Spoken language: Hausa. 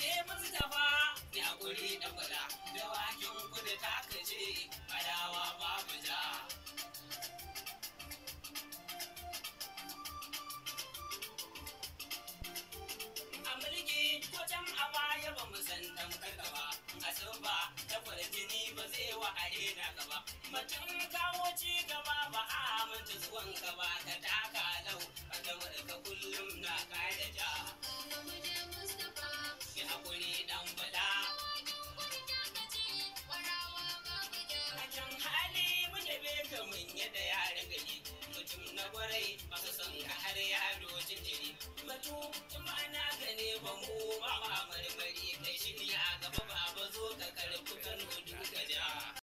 ne musu tafa ya guri da kula da wakin kudu ta kace babu ja a mulki wajen a baya ba mu san tamkar ba a ba ta jini ba zai wa arena ka ba mutum kawo ci gaba ba a manta zuwan ka ba ka taka lau a ka kullum na kare yadda ya gari mutum na gwarai masu son ka har yaro jinjiri mutum ma'ana ka ne ba mu ba ma marmari